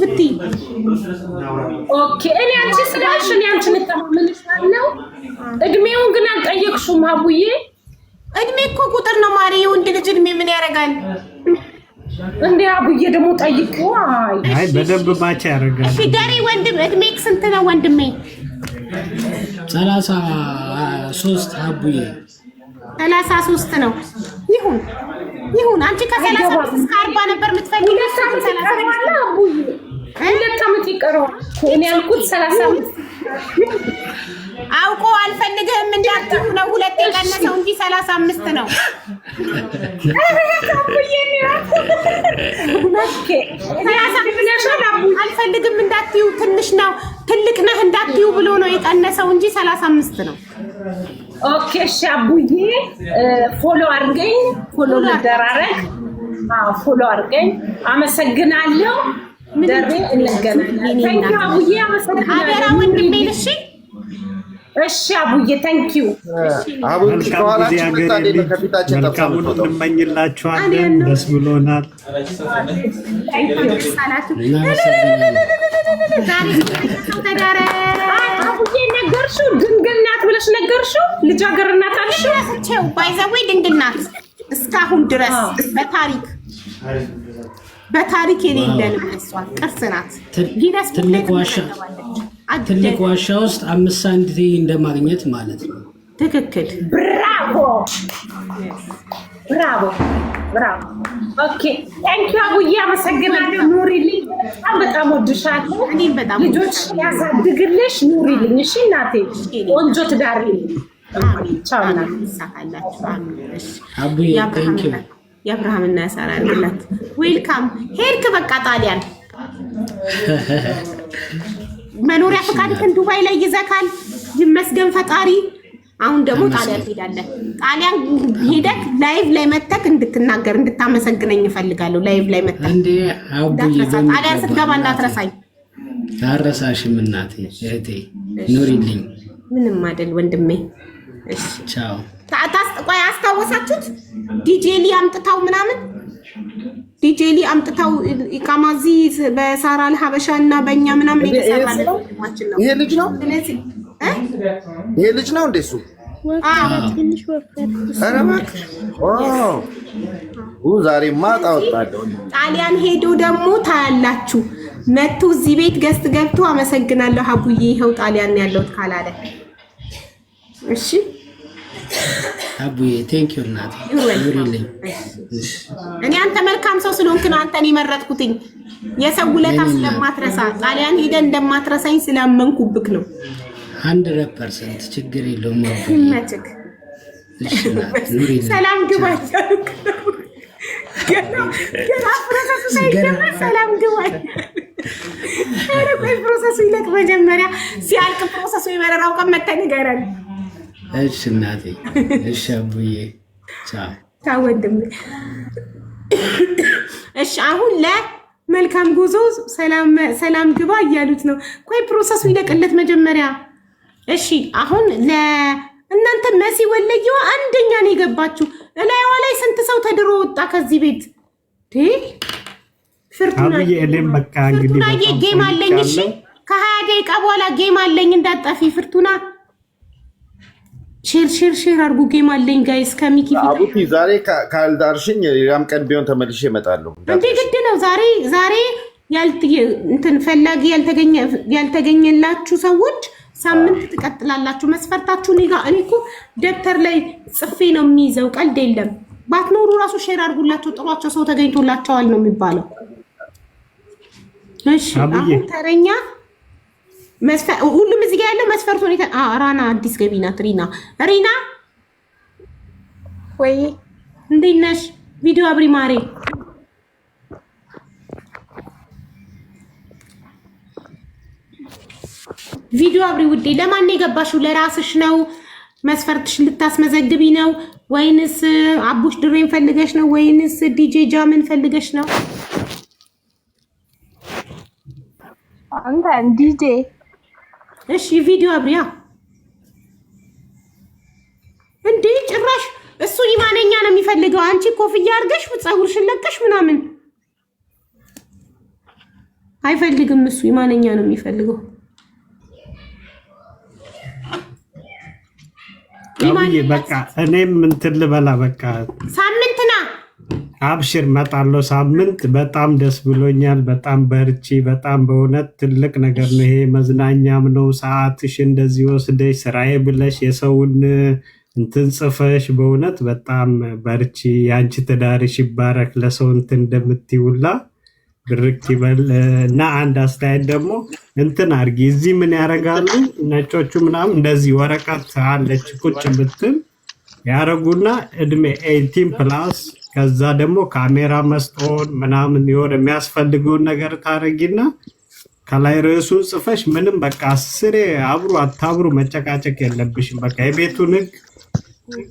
ብትይ ኦኬ። እኔ አንቺ ስላልሽ እኔ አንቺ ልጠማመንሻለው። እድሜውን ግን አልጠየቅሽም አቡዬ። እድሜ እኮ ቁጥር ነው ማሪ። የወንድ ልጅ እድሜ ምን ያደርጋል? እንዴ አቡዬ ደግሞ ጠይቁ። አይ በደንብ ማቻ ያደርጋል። እሺ ገሪ ወንድም እድሜ ስንት ነው ወንድሜ? ሰላሳ ሶስት አቡዬ ሰላሳ ሶስት ነው። ይሁን ይሁን። አንቺ ከሰላሳ እስከ አርባ ነበር የምትፈልጊው። ሁለት ዓመት ይቀረዋል። እኔ ያልኩት ሰላሳ አውቆ አልፈልግህም እንዳትሉ ነው። ሁለት የቀነሰው እንጂ ሰላሳ አምስት ነው። አልፈልግም እንዳትዩ ትንሽ ነው ትልቅ ነህ እንዳትዩ ብሎ ነው የቀነሰው እንጂ ሰላሳ አምስት ነው። ኦኬ እሺ፣ አቡዬ ፎሎ አድርገኝ፣ ፎሎ እንደራረግ፣ ፎሎ አድርገኝ። አመሰግናለሁ። አደራ እሺ አቡዬ ተንኪዩ መልካሙን እንመኝላችኋለን። ደስ ብሎናል። አቡዬ ነገርሽው ድንግል ናት ብለሽ ነገርሽው ልጃገር ናት አልሽው። ባይ ዘ ወይ ድንግል ናት እስካሁን ድረስ በታሪክ በታሪክ የሌለን መስዋል ቅርስ ናት። ትልቅ ዋሻ ውስጥ አምስት ሳንቲም እንደማግኘት ማለት ነው። ትክክል። ብራቮ ብራቮ ብራቮ። ኦኬ ታንኪ አቡዬ፣ አመሰግናለሁ። ኑሪልኝ። በጣም በጣም ወድሻለሁ። ልጆች ያሳድግልሽ። ኑሪልኝ። እሺ እናቴ፣ ቆንጆ ትዳር። ቻውና ይሳካላችሁ። አቡዬ፣ ታንኪ የአብርሃምና የሳራ ያርግላት። ዌልካም ሄድክ በቃ ጣሊያን መኖሪያ ፈቃድህን ዱባይ ላይ ይዘካል። ይመስገን ፈጣሪ። አሁን ደግሞ ጣሊያን ሄዳለ ጣሊያን ሄደክ ላይቭ ላይ መተክ እንድትናገር እንድታመሰግነኝ እፈልጋለሁ። ላይቭ ላይ መተክ ጣሊያን ስትገባ እንዳትረሳኝ። አረሳሽም እናቴ እህቴ ኑሪልኝ። ምንም አይደል ወንድሜ። ቆይ አስታወሳችሁት? ዲጄሊ አምጥታው ምናምን ዲጄሊ አምጥታው ኢቃማዚ በሳራ ለሀበሻ እና በእኛ ምናምን ይሄ ልጅ ነው ይሄ ልጅ ነው እንደሱ ዛሬማ ጣወጣለሁ። ጣሊያን ሄዶ ደግሞ ታያላችሁ። መቶ እዚህ ቤት ገዝት ገብቶ አመሰግናለሁ አቡዬ ይኸው ጣሊያን ያለሁት ካላለ እሺ አቡዬ ቴንክ ዩ እናት ይውልልኝ። እኔ አንተ መልካም ሰው ስለሆንክ ነው አንተን የመረጥኩትኝ። የሰው ውለታ ስለማትረሳ ጣሊያን ሄደህ እንደማትረሳኝ ስላመንኩብክ ነው። ሀንድረድ ፐርሰንት ችግር የለውም። መችክ ሰላም ግባ ገና ሰላም ግባ። ኧረ ቆይ ፕሮሰሱ ይለቅ መጀመሪያ ሲያልቅ ፕሮሰሱ የመረራው ቀን መተን ንገረን እሺ እናቴ፣ እሺ አቡዬ፣ ቻው ወንድሜ። እሺ አሁን ለመልካም ጉዞ ሰላም ግባ እያሉት ነው። ቆይ ፕሮሰሱ ይለቅለት መጀመሪያ። እሺ አሁን ለእናንተ መሲ ወለየዋ አንደኛ ነው የገባችሁ። እላይዋ ላይ ስንት ሰው ተድሮ ወጣ ከዚህ ቤት። ፍርቱና ጌም አለኝ። እሺ ከሀያ ደቂቃ በኋላ ጌም አለኝ እንዳጠፊ ፍርቱና ሼር ሼር ሼር አድርጉ። ጌም አለኝ ጋይስ ከሚኪ አቡቲ ዛሬ ካልዳርሽኝ ሌላም ቀን ቢሆን ተመልሼ እመጣለሁ። እንዴ ግድ ነው ዛሬ ዛሬ እንትን ፈላጊ ያልተገኘላችሁ ሰዎች ሳምንት ትቀጥላላችሁ። መስፈርታችሁ እኔ ጋር እኔ እኮ ደብተር ላይ ጽፌ ነው የሚይዘው። ቀልድ የለም። ባትኖሩ ራሱ ሼር አድርጉላቸው፣ ጥሯቸው። ሰው ተገኝቶላቸዋል ነው የሚባለው። እሺ አሁን ተረኛ ሁሉም እዚህ ጋር ያለው መስፈርት ሁኔታ ራና አዲስ ገቢ ናት። ሪና ሪና ወይ እንዴት ነሽ? ቪዲዮ አብሪ ማሬ። ቪዲዮ አብሪ ውዴ። ለማን ነው የገባሽው? ለራስሽ ነው? መስፈርትሽ ልታስመዘግቢ ነው ወይንስ አቡሽ ድሬን ፈልገሽ ነው ወይንስ ዲጄ ጃምን ፈልገሽ ነው? አንተ ዲጄ እሺ ቪዲዮ አብሪያ እንዴ ጭራሽ እሱ ኢማነኛ ነው የሚፈልገው። አንቺ ኮፍያ አድርገሽ ፀጉርሽን ለቀሽ ምናምን አይፈልግም። እሱ ኢማነኛ ነው የሚፈልገው። በቃ እኔም እንትን ልበላ በቃ አብሽር መጣለው ሳምንት በጣም ደስ ብሎኛል። በጣም በርቺ። በጣም በእውነት ትልቅ ነገር ነው ይሄ። መዝናኛም ነው። ሰዓትሽ እንደዚህ ወስደሽ ስራዬ ብለሽ የሰውን እንትን ጽፈሽ በእውነት በጣም በርቺ። የአንቺ ትዳርሽ ይባረክ። ለሰው እንትን እንደምትውላ ብርክ ይበል እና አንድ አስተያየት ደግሞ እንትን አድርጊ። እዚህ ምን ያደርጋሉ ነጮቹ ምናምን እንደዚህ ወረቀት አለች ቁጭ ብትል ያደረጉና እድሜ ኤይቲን ፕላስ ከዛ ደግሞ ካሜራ መስጦን ምናምን የሆነ የሚያስፈልገውን ነገር ታደረጊና ከላይ ርዕሱን ጽፈሽ ምንም በቃ አስሬ አብሩ አታብሩ መጨቃጨቅ የለብሽም። በቃ የቤቱን ሕግ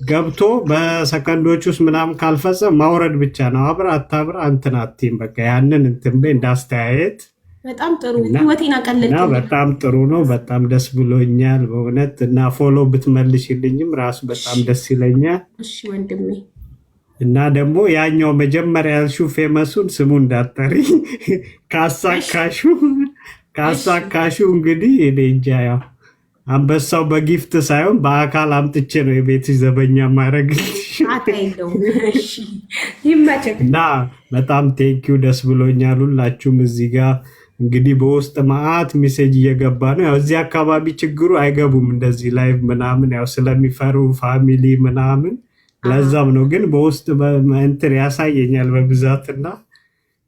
ገብቶ በሰከንዶች ውስጥ ምናምን ካልፈጸም ማውረድ ብቻ ነው። አብር አታብር አንትን አትይም። በቃ ያንን እንትን እንዳስተያየት በጣም ጥሩ ህይወቴን በጣም ጥሩ ነው። በጣም ደስ ብሎኛል በእውነት እና ፎሎ ብትመልሽልኝም ራሱ በጣም ደስ ይለኛል። እሺ ወንድሜ እና ደግሞ ያኛው መጀመሪያ ያልሺው ፌመሱን ስሙ እንዳጠሪ ካሳካሹ ካሳካሹ እንግዲህ እኔ እንጃ። ያው አንበሳው በጊፍት ሳይሆን በአካል አምጥቼ ነው የቤት ዘበኛ ማድረግ እና በጣም ቴንኪው ደስ ብሎኛል። ሁላችሁም እዚህ ጋር እንግዲህ በውስጥ ማአት ሚሴጅ እየገባ ነው። ያው እዚህ አካባቢ ችግሩ አይገቡም እንደዚህ ላይ ምናምን ያው ስለሚፈሩ ፋሚሊ ምናምን ለዛም ነው ግን በውስጥ እንትን ያሳየኛል በብዛትና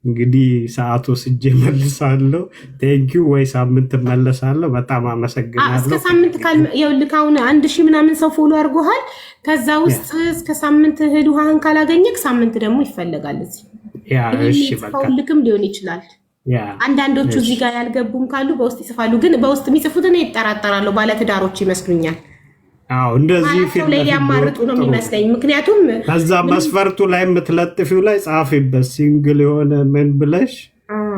እንግዲህ ሰዓት ወስጄ መልሳለሁ። ቴንኪው ወይ ሳምንት መለሳለሁ። በጣም አመሰግናለሁ። እስከ ሳምንት ይኸውልህ፣ አሁን አንድ ሺህ ምናምን ሰው ፎሎ አድርጎሃል። ከዛ ውስጥ እስከ ሳምንት እህል ውሃህን ካላገኘህ ሳምንት ደግሞ ይፈለጋል። ልክም ሊሆን ይችላል። አንዳንዶቹ እዚህ ጋር ያልገቡም ካሉ በውስጥ ይጽፋሉ። ግን በውስጥ የሚጽፉትን ይጠራጠራለሁ። ባለትዳሮች ይመስሉኛል። አዎ እንደዚህ ፊት ላይ ያማርጡ ነው የሚመስለኝ። ምክንያቱም ከዛ መስፈርቱ ላይ የምትለጥፊው ላይ ጻፊበት ሲንግል የሆነ ምን ብለሽ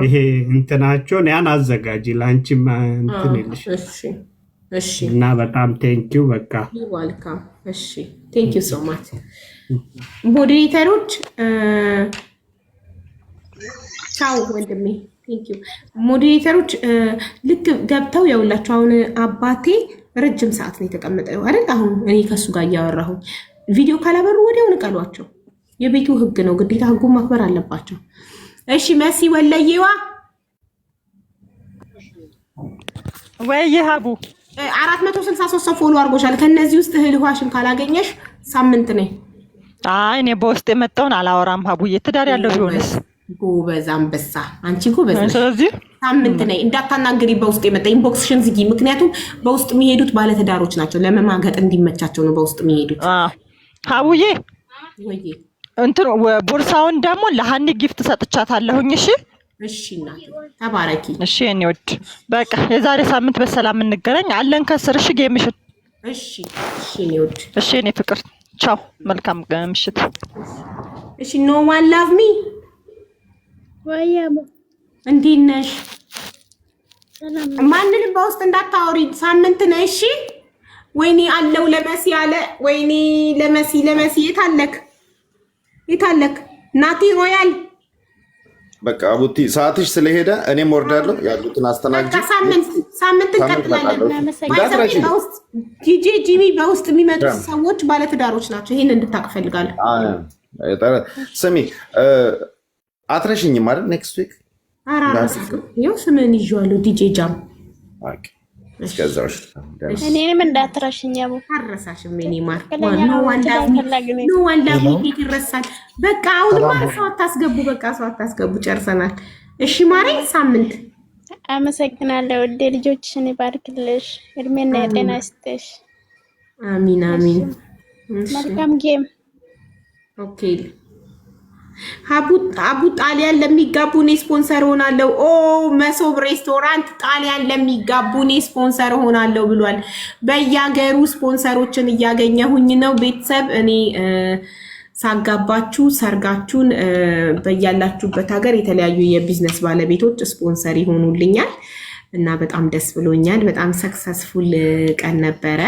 ይሄ እንትናቸውን ያን አዘጋጂ ለአንቺ እንትን ይልሽ እና በጣም ቴንኪው በቃ ቴንኪው ሶማች ሞዴሬተሮች ቻው ወንድሜ። ሞዴሬተሮች ልክ ገብተው የውላቸው አሁን አባቴ ረጅም ሰዓት ነው የተቀመጠው አይደል? አሁን እኔ ከሱ ጋር እያወራሁኝ ቪዲዮ ካላበሩ ወዲያውን ቀሏቸው። የቤቱ ህግ ነው፣ ግዴታ ህጉን ማክበር አለባቸው። እሺ መሲ ወለየዋ ወይ ሀቡ አራት መቶ ስልሳ ሶስት ሰው ፎሎ አድርጎሻል። ከእነዚህ ውስጥ እህል ውሃሽን ካላገኘሽ ሳምንት ነኝ። አይ እኔ በውስጥ የመጣውን አላወራም ሀቡዬ፣ ትዳር ያለው ቢሆንስ ጎበዝ አንበሳ፣ አንቺ ጎበዝ። ስለዚህ ሳምንት ነይ እንዳታናግሪ፣ በውስጥ የመጣ ኢንቦክስሽን ዝጊ። ምክንያቱም በውስጥ የሚሄዱት ባለትዳሮች ናቸው። ለመማገጥ እንዲመቻቸው ነው በውስጥ የሚሄዱት። ሀቡዬ እንትን ቦርሳውን ደግሞ ለሀኒ ጊፍት ሰጥቻታለሁኝ። እሺ እሺ፣ እናቴ ተባረኪ። እሺ የኔ ወድ፣ በቃ የዛሬ ሳምንት በሰላም እንገናኝ አለን። ከስር እሺ፣ ጌምሽን። እሺ እሺ፣ የኔ ወድ፣ እሺ የኔ ፍቅር፣ ቻው። መልካም ምሽት። እሺ ኖ ዋን ላቭ ሚ እንዴት ነሽ? ማንንም በውስጥ እንዳታወሪ ሳምንት ነሽ። እሺ ወይኔ አለው ለመሲ አለ። ወይኔ ለመሲ ለመሲ የታለክ የታለክ? ናቲ ሮያል በቃ ሰዓትሽ ስለሄደ ወርዳለሁ። ያሉትን ሳምንት እንቀጥላለን። ጂጂ ጂሚ በውስጥ ሰዎች ባለትዳሮች ናቸው። ይህን እንድታቅ ስሚ አትረሽኝም አይደል? ኔክስት ዊክ ይኸው ስምን ይዤዋለሁ። ዲጄ ጃም እኔንም እንዳትረሽኝ። አረሳሽም ኔ ማር ዋንዳቤት ይረሳል። በቃ አሁንማ ሰው አታስገቡ፣ በቃ ሰው አታስገቡ። ጨርሰናል። እሺ ማሬ ሳምንት አመሰግናለሁ። ወደ ልጆችሽን ይባርክልሽ፣ እድሜና የጤና ይስጥሽ። አሚን አሚን። መልካም ጌም ኦኬ አቡ ጣሊያን ለሚጋቡ እኔ ስፖንሰር ሆናለሁ። ኦ መሶብ ሬስቶራንት ጣሊያን ለሚጋቡ እኔ ስፖንሰር ሆናለሁ ብሏል። በየሀገሩ ስፖንሰሮችን እያገኘሁኝ ነው። ቤተሰብ እኔ ሳጋባችሁ ሰርጋችሁን በያላችሁበት ሀገር የተለያዩ የቢዝነስ ባለቤቶች ስፖንሰር ይሆኑልኛል እና በጣም ደስ ብሎኛል። በጣም ሰክሰስፉል ቀን ነበረ።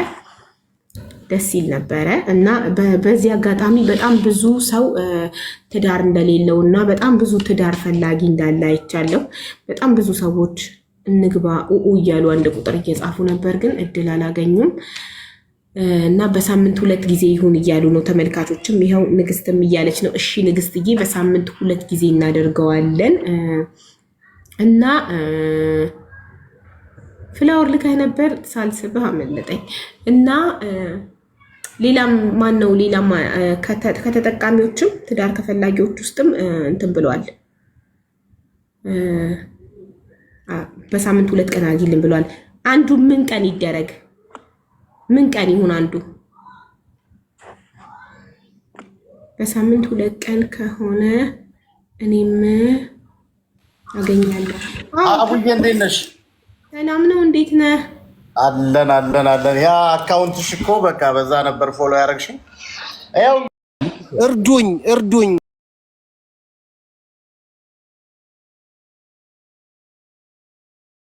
ደስ ይል ነበረ እና በዚህ አጋጣሚ በጣም ብዙ ሰው ትዳር እንደሌለው እና በጣም ብዙ ትዳር ፈላጊ እንዳለ አይቻለሁ። በጣም ብዙ ሰዎች እንግባ ኡኡ እያሉ አንድ ቁጥር እየጻፉ ነበር፣ ግን እድል አላገኙም እና በሳምንት ሁለት ጊዜ ይሁን እያሉ ነው ተመልካቾችም። ይኸው ንግስትም እያለች ነው። እሺ ንግስትዬ፣ በሳምንት ሁለት ጊዜ እናደርገዋለን እና ፍላወር ልከህ ነበር ሳልስብህ አመለጠኝ እና ሌላም ማን ነው ሌላም ከተጠቃሚዎችም ትዳር ከፈላጊዎች ውስጥም እንትን ብለዋል። በሳምንት ሁለት ቀን አግኝልን ብለዋል። አንዱ ምን ቀን ይደረግ? ምን ቀን ይሁን? አንዱ በሳምንት ሁለት ቀን ከሆነ እኔም አገኛለሁ። አቡዬ እንዴት ነሽ? ሰላም ነው። እንዴት ነህ? አለን አለን አለን። ያ አካውንትሽ እኮ በቃ በዛ ነበር ፎሎ ያደረግሽኝ። እርዱኝ እርዱኝ።